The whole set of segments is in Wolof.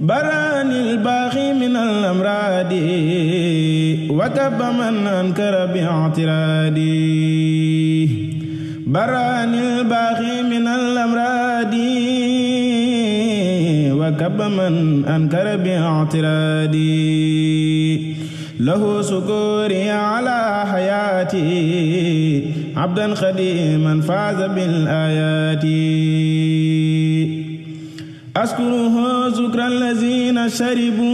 براني الباغي من الأمراض وكب من أنكر باعترادي براني الباغي من الأمراض وكب من أنكر باعترادي له سكوري على حياتي عبدا خديما فاز بالآيات أشكره شكر الذين شربوا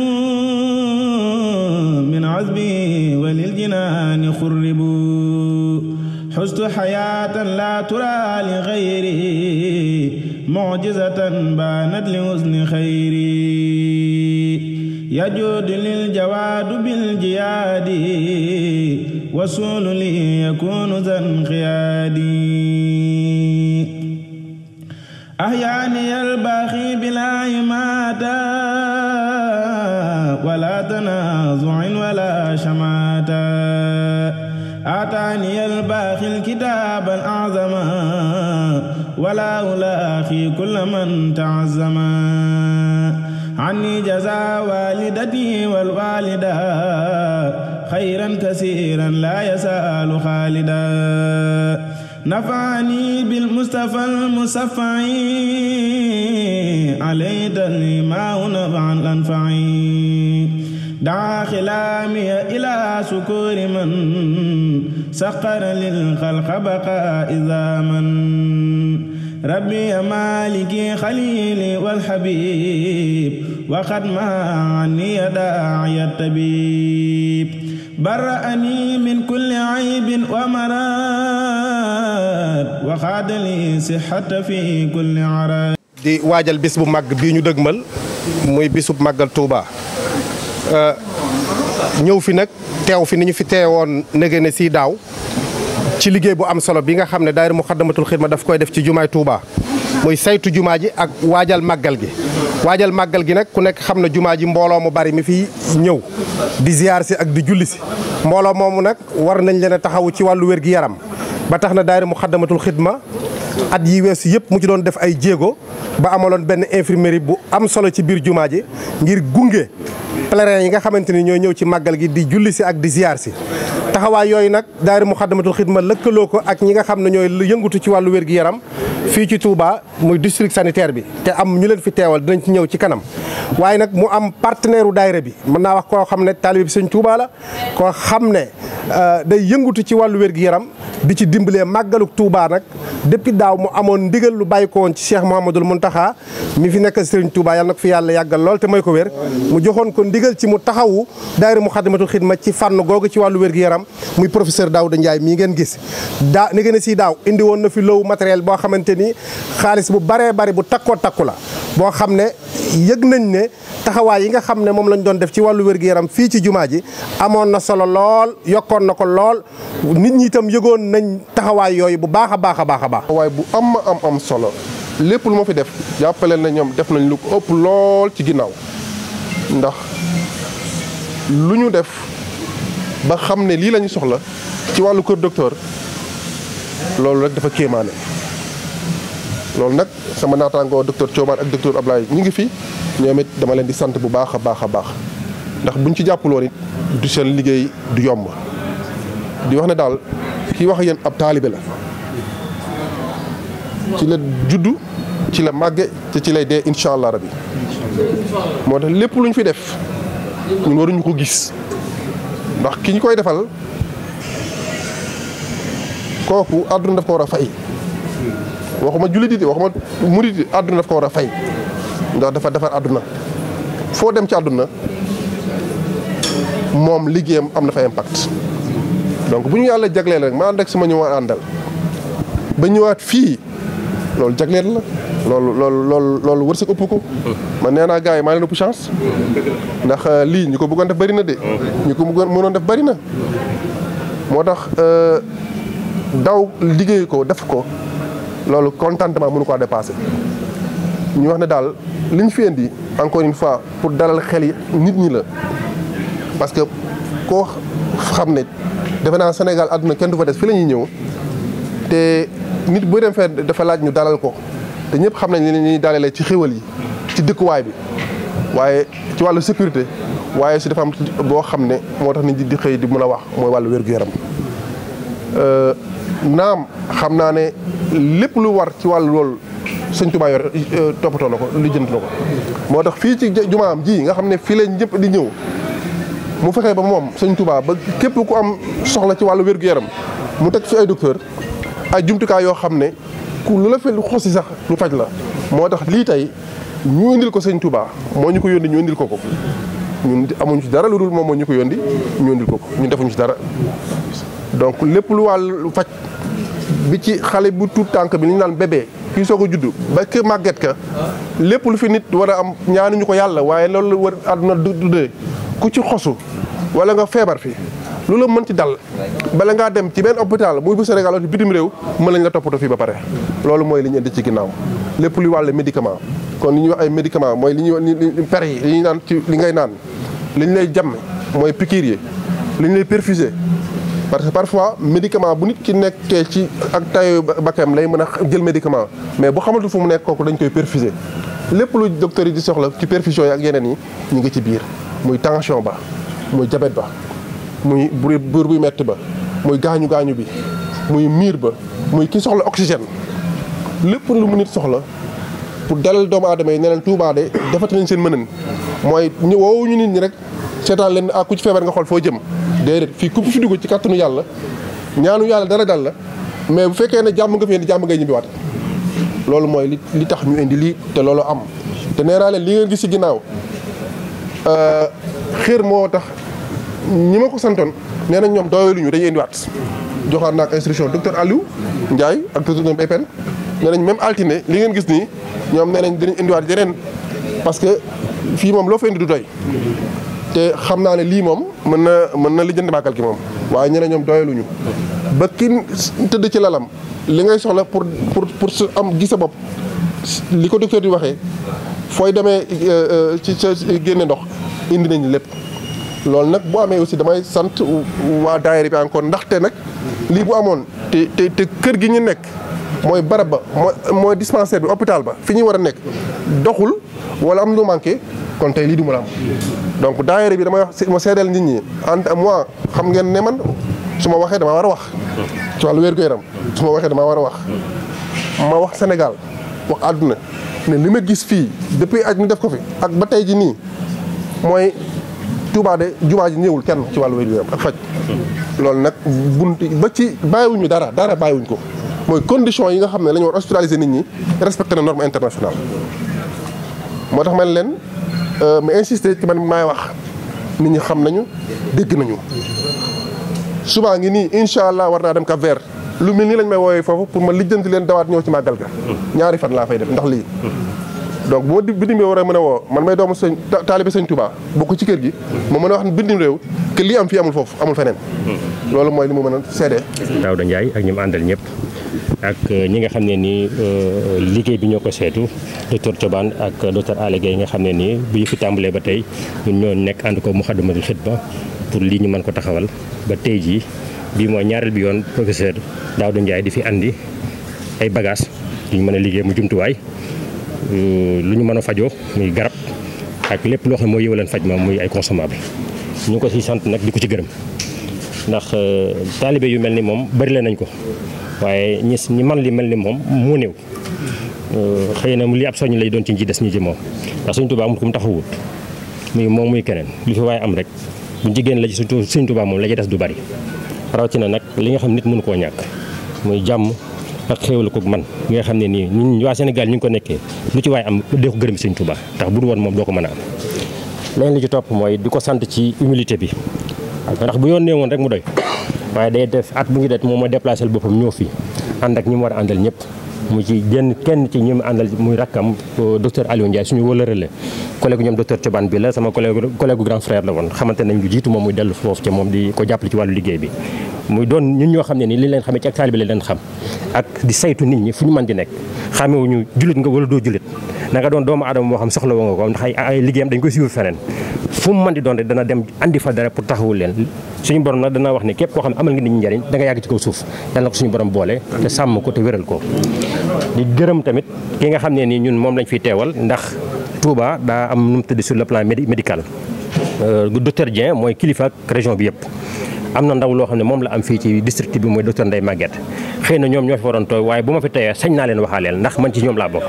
من عذبي وللجنان خربوا حزت حياة لا ترى لغيري معجزة بانت لحسن خيري يجود للجواد بالجياد وصول لي يكون ذا انقيادي أحياني الباخي بلا يماتا ولا تنازع ولا شماتا أعطاني الباخي الكتاب الأعظم ولا ألاخي كل من تعزم عني جزا والدتي والوالدة خيرا كثيرا لا يسأل خالدا nafaani bil mustafa al musafai alaytani ma huna fa'al anfai daa xilaamiya ila sukuri man saqara lil xalqa baqa izaaman rabbi maliki xalili wal habib waxat ma niya daaya tabib bara'ani min kulli aybin wa mara di waajal bis bu màgg bii ñu dëgmal muy bisub màggal Touba ñëw fi nag teew fi ni ñu fi teewoon nege ne si daaw ci liggéey bu am solo bi nga xam ne daayira Muxaddamatul Xidma daf koy def ci jumaay Touba muy saytu jumaa ji ak waajal màggal gi waajal màggal gi nag ku nekk xam na jumaa ji mbooloo mu bari mi fi ñëw di ziyaar si ak di julli si mbooloo moomu nag war nañ leen a taxawu ci wàllu wér-gi-yaram ba tax na daayira Muxaddamatul Xidma at yi weesu yëpp mu ci doon def ay jéego ba amaloon benn infirmerie bu am solo ci biir jumaa ji ngir gunge pèlerin yi nga xamante ni ñooy ñëw ci màggal gi di julli si ak di ziyaar si taxawaay yooyu nag daayira Muxaddamatul Xidma lëkkaloo ko ak ñi nga xam ne ñooy yëngutu ci wàllu wér-gi-yaram fii ci Touba muy district sanitaire bi te am ñu leen fi teewal dinañ ci ñëw ci kanam waaye nag mu am partenaire u daayira bi mën naa wax koo xam ne taalibe bi sëñ Touba la koo xam ne euh, day yëngutu ci wàllu wér-gu-yaram di ci dimbalee màggaluk Touba nag depuis daaw mu amoon ndigal lu bàyyi ko woon ci Cheikh mun Mountakha mi fi nekk sëriñ Touba yàlla na fi yàlla yàggal lool te may ko wér mu joxoon ko ndigal ci mu taxawu daayira mu Khidma ci fànn googu ci wàllu wér-gu-yaram muy professeur Daouda Ndiaye mii ngeen gis daa woon na fi lowu boo xamante xamante ni xaalis bu baree bari bu takkoo takku la boo xam ne yëg nañ ne taxawaay yi nga xam ne moom lañ doon def ci wàllu wér-gu-yaram fii ci jumaa ji amoon na solo lool yokkoon na ko lool nit ñi itam yëgoon nañ taxawaay yooyu bu baax a baax a baax a baax. waaye bu am am am solo lépp lu ma fi def jàppale na ñoom def nañ lu ko ëpp lool ci ginnaaw ndax lu ñu def ba xam ne lii la soxla ci wàllu kër docteur loolu rek dafa kéemaane. loolu nag sama naataangoo docteur Thioban ak docteur Ablaye ñu ngi fi ñoom dama leen di sant bu baax a baax a baax ndax buñ ci jàppaloon it du seen liggéey du yomb di wax ne daal ki wax yéen ab taalibe la ci la juddu ci la màgge te ci lay dee incha allah rabi moo tax lépp luñ fi def ñun waruñu ko gis ndax ki ñu koy defal kooku àdduna daf ko war a fay waxuma jullit yi waxuma murit yi àdduna daf ko war a fay ndax dafa defar àdduna foo dem ci àdduna moom liggéeyam am na fa impact donc bu ñu yàlla jagleel rek ma ànd ak ma ñu war àndal ba ñëwaat fii loolu jagleel la loolu loolu loolu loolu wërsëg ëpp ko ma nee naa gars yi maa leen ëpp chance ndax euh, lii ñu ko bëggoon def bari na de ñu ko bëggoon mënoon def bari na moo tax euh, daw liggéey ko def ko loolu contentement mënu ko dépassé ñu wax ne daal li ñu fi indi encore une fois pour dalal xel yi nit ñi la parce que koo xam ne defe naa Sénégal àdduna kenn du fa des fi lañuy ñëw te nit bu dem fee dafa laaj ñu dalal ko te ñëpp xam nañ ne ñuy dalalee ci xéwal yi ci dëkkuwaay bi waaye ci wàllu sécurité waaye si dafa am boo xam ne moo tax nit ñi di xëy di mun a wax mooy wàllu wér yaram euh, naam xam naa ne. lépp lu war ci wàllu loolu sëñ Tuubaa yor euh, toppatoo na ko li jënd na moo tax fii ci jumaam ji nga xam ne fii la ñëpp di ñëw mu fexe ba moom sëñ Tuubaa ba képp ku am soxla ci wàllu wér-gu-yaram mu teg fi ay docteur ay jumtukaay yoo xam ne ku lu la fi xosi sax ñu faj la moo tax lii tey ñu indil ko sëñ Tuubaa moo ñu ko yónni ñu indil ko ko ñun ci dara lu dul ñu ko yónni ñu ko ko ñun defuñu ci dara donc lépp lu wàllu faj bi ci xale bu tuut tànk bi li ñu naan bébé kii soog a juddu ba kër màgget ka lépp lu fi nit war a am ñaanuñu ko yàlla waaye loolu war àdduna du dudee ku ci xosu wala nga feebar fi lu la mën ci dal bala ngaa dem ci benn hôpital muy bu Sénégal wala bitim réew mën lañ la toppatoo fii ba pare loolu mooy li ñu indi ci ginnaaw lépp luy wàll médicament kon li ñuy wax ay médicament mooy li ñuy wax per yi li ñuy naan ci li ngay naan li ñu lay jàmm mooy piqûre yi li lay perfusé parce que parfois médicament bu nit ki nekkee ci ak tayo bakkeem lay mën a jël médicament mais bu xamatul fu mu nekk kooku dañ koy perfuser lépp lu docteur yi di soxla ci perfusion yi ak yeneen yi ñu ngi ci biir muy tension ba muy jabet ba muy buur buy metti ba muy gaañu gaañu bi muy miir ba muy ki soxla oxygène lépp lu mu nit soxla pour dalal doomu aadama yi ne leen Touba de defati nañ seen mën mënën mooy ñu ñu nit ñi rek seetaan leen ah ku ci feebar nga xool foo jëm déedéet fii ku fi dugg ci kattanu yàlla ñaanu yàlla dara dal la mais bu fekkee ne jàmm nga fi jàmm nga ngay ñibbiwaat loolu mooy li li tax ñu indi lii te loolu am te nee naa leen li ngeen euh, moo tax ñi ma ko santoon nee nañ ñoom doyaluñu dañuy indiwaat joxaat naa ak instruction docteur Aliou Ndiaye ak docteur Epen nee nañ même altine li ngeen gis nii ñoom nee nañ dinañ indiwaat yeneen parce que fii moom loo fa indi du doy te xam naa ne lii moom mën na mën na li jënd baakal gi moom waaye ñeneen ñoom doyaluñu ba ki tëdd ci lalam li ngay soxla pour pour pour su am gis sa bopp li ko docteur di waxee fooy demee euh, euh, ci sa génne ndox indi nañu lépp loolu nag bu amee aussi damay sant waa daayira bi encore ndaxte nag lii bu amoon te te te kër gi ñu nekk mooy barab ba mooy dispensaire bi hôpital ba fi ñuy war a nekk doxul wala am lu manqué kon tey lii du ma am donc daayira bi damay wax ma seedeel nit ñi en moi xam ngeen ne man su ma waxee damaa war a wax ci wàllu wér gu yaram su ma waxee damaa war a wax ma wax Sénégal wax àdduna ne li ma gis fii depuis aj ñu def ko fi ak ba tey ji nii mooy Touba de jubaa ji ñëwul kenn ci wàllu wér gu yaram ak faj loolu nag bunti ba ci bàyyiwuñu dara dara bàyyiwuñ ko mooy condition yi nga xam ne lañu ñu war hospitaliser nit ñi respecté na norme internationale moo tax man leen Euh, mais insister ci man maay wax nit ñi xam nañu dégg nañu suba ngi nii incha allah war naa dem ka veer lu mel ni lañ may woowee foofu pour ma lijjanti leen dawaat ñëw ci màggal ga ñaari fan laa fay def ndax lii donc bu ma bindim réew war a mën a woo man may doomu sëñ taalibe sëñ Touba bokk ci kër gi moo mën a wax ne bindim réew que lii am fii amul foofu amul feneen hmm. loolu mooy li mu mën a seede da Ndiaye ak ñu mu àndal ñëpp ak uh, ñi nga xam ne nii uh, liggéey bi ñoo ko seetu docteur Thioban ak docteur Alé Guèye nga xam ne nii bi ñu fi tàmbalee ba tey ñun ñoo nekk ànd ko Moukhaddamatoul Khidma pour lii ñu mën ko taxawal ba tey jii bii mooy ñaareel bi yoon professeur Daouda Ndiaye di fi andi ay bagages yu ñu mën a liggéey mu jumtuwaay Euh, lu ñu mën a fajoo muy garab ak lépp loo xam ne mooy yëwaleen faj ma muy ay consommable ñu ko ci sant nag di ko ci gërëm ndax euh, taalibe yu mel ni moom bari la nañ ko waaye ñi ñi man li mel ni moom moo néew euh, xëy na li ab soññ lay doon ci ji des ñu ci moom ndax suñ tubaa amul ku mu moom muy keneen lu fi waaye am rek bu jigéen la ci suñ tubaa moom la ci des du bari rawatina nag li nga xam nit mënu koo ñàkk muy jàmm ak xéewal koog man bi nga xam ne nii ñun waa Sénégal ñu ngi ko nekkee lu ci waaye am dee ko gërëm sëñ Touba ndax bu dul woon moom doo ko mën a am. leneen li ci topp mooy di ko sant ci humilité bi ndax bu yónnee woon rek mu doy waaye day def at bu ngi det moom mooy déplacé boppam ñëw fii ànd ak ñi mu war a àndal ñëpp mu ci génn kenn ci ñi mu àndal muy rakkam euh, docteur Aliou Ndiaye suñu wëlërale collègue ñoom docteur Thioban bi la sama collègue collègue grand frère la woon xamante nañ lu jiitu moom muy dellu foofu ca moom di ko jàppale ci wàllu liggéey bi muy doon ñun ñoo xam ne ni li leen xamee ci ak taalibe la leen xam ak di saytu moo xam soxla woo nga ko ndax ay liggéeyam dem andi fa dara pour taxawul leen suñu borom nag dana wax ne képp koo xam ne amal nga nit ñi njëriñ da nga yàgg ci kaw suuf yàlla na ko suñu borom boole te sàmm ko te wéral ko di gërëm tamit ki nga xam ne ni ñun moom lañ fiy teewal Touba daa am nu mu tëdd sur le plan médical euh, docteur Dieng mooy kilifa ak région bi yëpp am na ndaw loo xam ne moom la am fii ci district bi mooy docteur Ndeye Maguette xëy na ñoom ñoo fi waroon tooy waaye bu ma fi teyee sañ naa leen waxaaleel ndax man ci ñoom laa bokk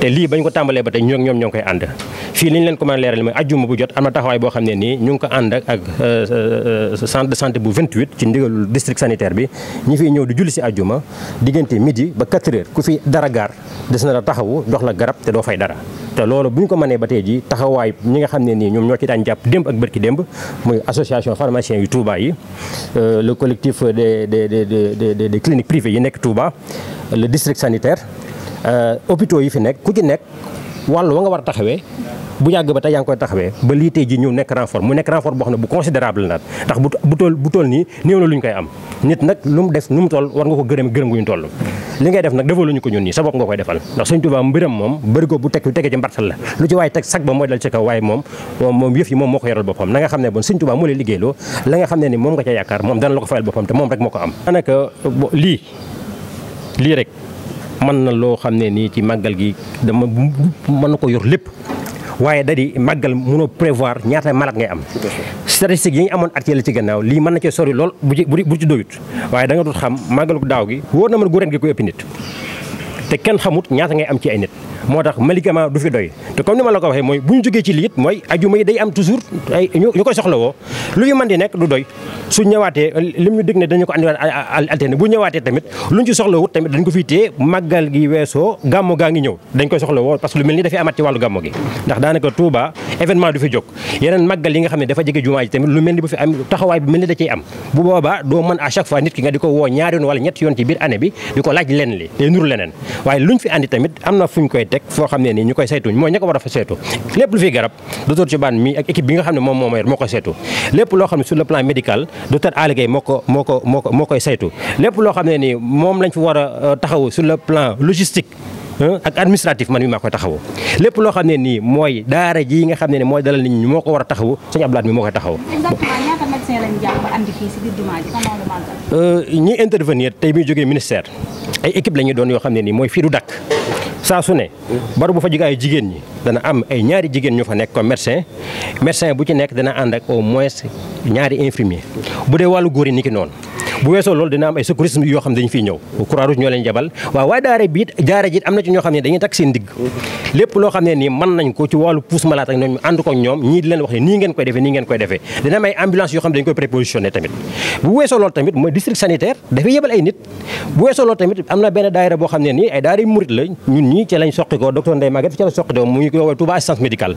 te lii bañ ko tàmbalee ba tey ñoom ñoo koy ànd fii li ñu leen ko mën a leeral mooy ajjuma bu jot am na taxawaay boo xam ne nii ñu ngi ko ànd ak euh, euh, centre de santé bu 28 ci ndigalul district sanitaire bi ñi fiy ñëw di julli si ajjuma diggante midi ba 4 heures ku fi dara gaar des na la taxawu jox la garab te doo fay dara te loolu bu ñu ko mënee ba tey ji taxawaay ñi nga xam ne nii ñoom ñoo ci daan jàpp démb ak bërki démb muy association pharmacien yu Touba yi euh, le collectif des des des des privé yi nekk Touba le district sanitaire euh, hôpitaux yi fi nekk ku ci nekk wàllu wa nga war a taxawee bu yàgg ba tey yaa ngi koy taxawee ba lii tey ji ñëw nekk renfort mu nekk renfort boo xam ne bu considérable naat ndax bu tool bu nii néew na lu ñu koy am mu def nu mu toll war nga ko gërëm gërëm gu ñu nga koy defal ndax Sëñ Tuubaa mbiram moom bëri ko bu teg lu tege moom moom moom yëf yi moom moo ko yoral boppam ne bon Sëñ Tuubaa moo lay liggéeyloo la nga xam ne ni moom nga ca yaakaar moom dana la ko fayal boppam te moom rek moo ko am lii lii rek mën na loo xam ne nii ci màggal gi dama mën na ko yor lépp waaye da di màggal mënoo prévoir ñaata malade ngay am. statistiques yi ñu amoon ak yële ci gannaaw lii mën na cee sori lool bu bu bu ci doyut waaye da nga dul xam màggalu daaw gi wóor na mën gu ren gi koy ëpp nit te kenn xamut ñaata ngay am ci ay nit. moo tax médicament du fi doy te comme ni ma la ko waxee mooy bu ñu jógee ci liit mooy ajuma yi day am toujours ñu koy soxlawoo lu ñu mën di nekk du doy su ñëwaatee lim ñu dig ne dañu ko andiwaat alterné bu ñëwaatee tamit lu ñu ci soxlawut tamit dañ ko fiy téye màggal gi weesoo gàmmu gaa ngi ñëw dañ koy soxlawoo parce mel ni dafay amat ci wàllu gàmmu gi ndax daanaka Touba événement du fi jóg yeneen màggal yi nga xam ne dafa jege jumaa ji tamit lu mel ni bu fi am taxawaay bu mel ni da cay am bu boobaa doo mën à chaque fois nit ki nga di ko woo ñaari yoon wala ñetti yoon ci biir année bi di ko koy teg foo xam ne nii ñu koy saytuñ mooy ña ko war a fa saytu lépp lu fi garab docteur Thioubane mi ak équipe bi nga xam ne moom moo yor moo koy saytu lépp loo xam ne sur le plan médical docteur Aly moo ko moo ko moo ko moo koy saytu lépp loo xam ne nii moom lañ fi war a euh, taxaw su la plan logistique ak administratif man mi maa koy taxawu lépp loo xam ne nii mooy daara ji nga xam ne nii mooy dalal nit moo ko war a taxawu sëñ Abdoulaye mi moo koy taxawu. Euh, ñi intervenir tey muy jógee ministère ay équipe la ñuy doon yoo xam ne nii mooy fii du dakk saa su ne bari bu fa jóg ay jigéen ñi dana am ay ñaari jigéen ñu fa nekk comme médecin médecin bu ci nekk dana ànd ak au moins ñaari infirmier bu dee wàllu góor yi ni ki noonu bu weesoo loolu dina am ay secourisme yoo xam ne dañu takk seen digg lépp loo xam ne nii mën nañ ko ci wàllu pousse malade ak ñoom ànd ko ñoom ñii di leen wax nii ngeen koy defee nii ngeen koy defee dina am ay ambulance yoo xam ne dañu koy prépositionné tamit bu weesoo loolu tamit mooy district sanitaire dafay Touba assistance médicale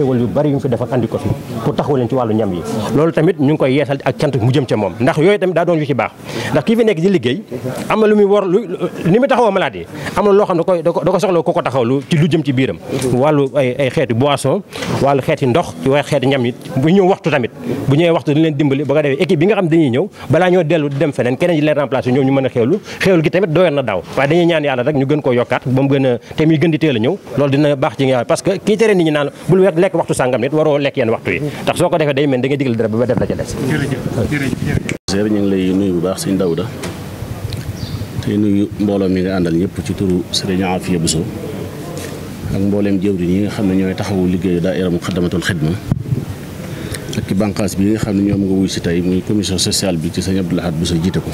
xéewal yu bari yu mu fi defal andi ko fi pour taxaw leen ci wàllu ñam yi loolu tamit ñu ngi koy yeesal ak cant mu jëm ca moom ndax yooyu tamit daa doon yu ci baax ndax kii fi nekk di liggéey am na lu muy war lu mu taxawoo malade yi am na loo xam ne da bu ñëw waxtu xam dañuy ñëw balaa dem feneen keneen di leen remplacer ñëw ñu mën a xéewlu xéewlu gi tamit doyoon na daaw waaye dañuy ñaan yàlla rek ñu gën koo yokkaat ba mu gën a te gën di teel ñëw loolu dina baax ci lekk waxtu sàngam nit waroo lekk yenn waxtu yi ndax soo ko defee day mel da ngay digal dara ba def la ca des jërëjëf ñu ngi lay nuyu bu baax sëñ Daouda tey nuyu mbooloo mi nga àndal ci turu sëriñ Afia Bousso ak mbooleem jëwriñ yi nga xam ne ñooy taxawu liggéeyu daayira Muxaddamatul Xidma ak ci bànqaas bi nga xam ne ñoom nga wuy si tey muy commission sociale bi ci sëñ Abdou Lahad Bousso jiite ko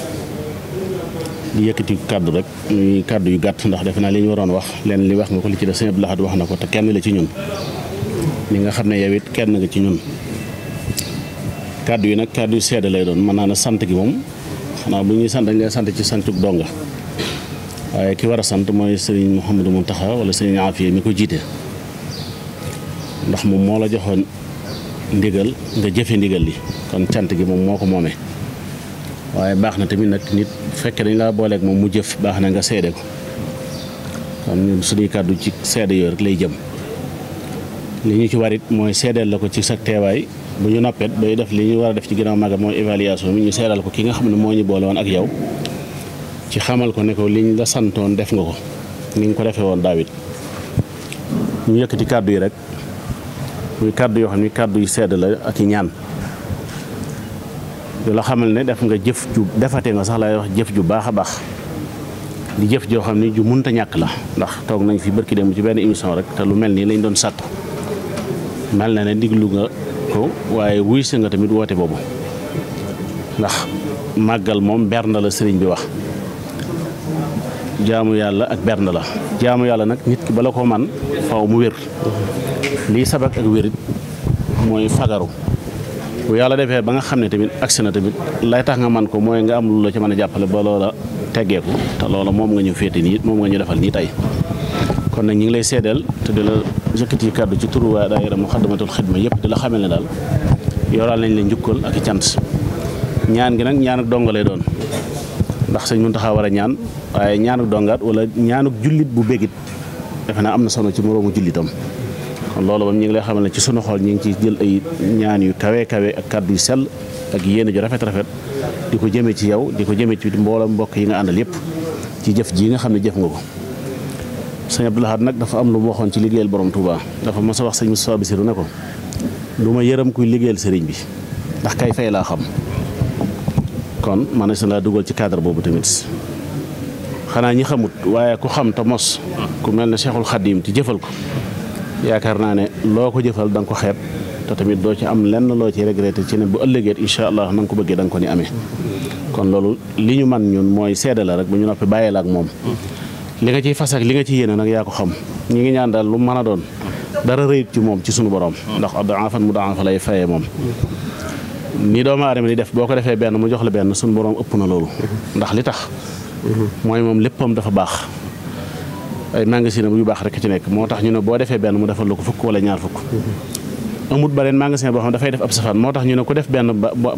di yëkkati kàddu rek muy kàddu yu gàtt ndax defe naa li ñu waroon wax leen li wax nga ko li ci def sëñ Abdou Lahad wax na ko te kenn la ci ñun li nga xam ne yow it kenn nga ci ñun kàddu yi nag kàddu yu seede lay doon mën naa ne sant gi moom xanaa bu ñuy sant dañ lay sant ci santuk donga waaye ki war a sant mooy sëriñ Mouhamadou Mountakha wala sëriñ Afia mi ko jiite ndax moom moo la joxoon ndigal nga jëfe ndigal kon cant gi moom moo ko moomee waaye baax na tamit nag nit fekke dañ laa booleek moom mu jëf baax na nga seede ko kon suñuy kàddu ci seede yooyu rek lay jëm li ñu ci warit mooy seddal la ko ci sa teewaay bu ñu noppet bay def li ñuy war a def ci ginnaaw maga mooy évaluation bi ñu seedal ko ki nga xam ne moo ñu boole woon ak yow ci xamal ko ne ko li ñu la santoon def nga ko ni nga ko defee woon daawit ñu yëkkati kàddu yi rek muy kàddu yoo xam ni kàddu yu sedd la ak i ñaan du la xamal ne def nga jëf ju defate nga sax laay wax jëf ju baax a baax di jëf joo xam ni ju munta ñàkk la ndax toog nañ fi barki dem ci benn émission rek te lu mel nii lañ doon sàkku mel na ne diglu nga ko waaye wuy sa nga tamit woote boobu ndax màggal moom bernde la sëriñ bi wax jaamu yàlla ak bernde la jaamu yàlla nag nit ki bala ko man faw mu wér lii sabak ak wérit mooy fagaru bu yàlla defee ba nga xam ne tamit agsi na tamit lay tax nga man ko mooy nga am lu la ci mën a jàppale ba loola teggeeku te loola moom nga ñu féete nii moom nga ñu defal nii tey kon nag ñu lay seedeel te di yëkkati kàddu ci turu waa daayira Muxaddamatul Xidma yëpp di la xamal ne daal yoral nañ la njukkal ak i cant ñaan gi nag ñaanuk donga lay doon ndax sëñ Muntaxa war a ñaan waaye ñaanuk dongaat wala ñaanuk jullit bu bégit defe naa am na solo ci moroomu jullitam kon loolu moom ñu ngi lay xamal ne ci sunu xool ñu ngi ciy jël ay ñaan yu kawe kawe ak kàddu yu sell ak yéen ju rafet rafet di ko jëmee ci yow di ko jëmee ci mboola mbokk yi nga àndal yëpp ci jëf ji nga xam ne jëf sëñ Abdou Lahad nag dafa am lu mu waxoon ci liggéeyal borom Touba dafa mos a wax sëñ Moustapha Bassirou ne ko lu ma yërëm kuy liggéeyal sëriñ bi ndax kay fay laa xam kon man sa laa dugal ci cadre boobu tamit xanaa ñi xamut waaye ku xam te mos ku mel ne Cheikhul Khadim ci jëfal ko yaakaar naa ne loo ko jëfal da ko xeeb te tamit doo ci am lenn loo ci regretté ci ne bu ëllëgeet incha allah na nga ko bëggee da ko ni amee kon loolu li ñu man ñun mooy seede rek bu ñu noppi bàyyee la ak moom li nga ci fas li nga ciy yéene nag yaa ko xam ñi ngi ñaan daal lu mën a doon dara rëyut ci moom ci sunu borom. ndax ab daanfan mu daan fa lay fayee moom. ni doomu aadama li def boo ko defee benn mu jox la benn sunu borom ëpp na loolu. ndax li tax. mooy moom léppam dafa baax. ay magasin yu baax rek ci nekk moo tax ñu ne boo defee benn mu defal la ko fukk wala ñaar fukk. amut beneen magasin boo xam dafay def ab safaan moo tax ñu ne ku def benn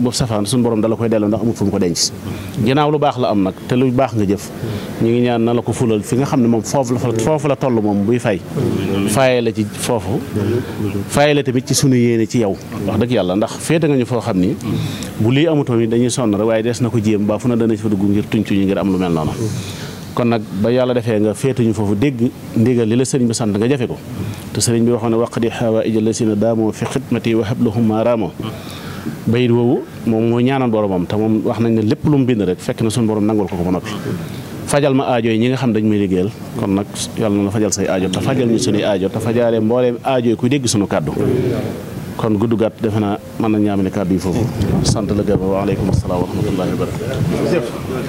bu safaan suñu borom dala koy delloo ndax amut fu mu ko denc ginnaaw lu baax la am nag te lu baax nga jëf ñu ngi ñaan na la ko fulal fi nga xam ne moom foofu la foofu la toll moom buy fay faye la ci foofu faye la tamit ci suñu yéene ci yow wax dëgg yàlla ndax féete nga ñu foo xam ni bu lii amutoon yi dañuy sonn rek waaye des na ko jéem baa fu na dana ci fa dugg ngir tuñ lu mel noonu kon nag ba yàlla defee nga féetuñu foofu dégg ndigal li la sëriñ bi sant nga jafe ko te sëriñ bi waxoon ne waqdi xawaaija lasina daamoo fi xidmati wa hablahum ma raamoo bayit woowu moom moo ñaanal boromam te moom wax nañ ne lépp lu mu bind rek fekk na suñu borom nangul ko ko ba noppi fajal ma aajo yi ñi nga xam dañ may liggéeyal kon nag yàlla na la fajal say ajo te fajal ñu suñuy ajo te fajalee mbooleem aajo yi ku dégg suñu kàddu kon gudd gàtt defe naa mën na ñaamale kàddu yi foofu sant la gërëm waaleykum asalaam wa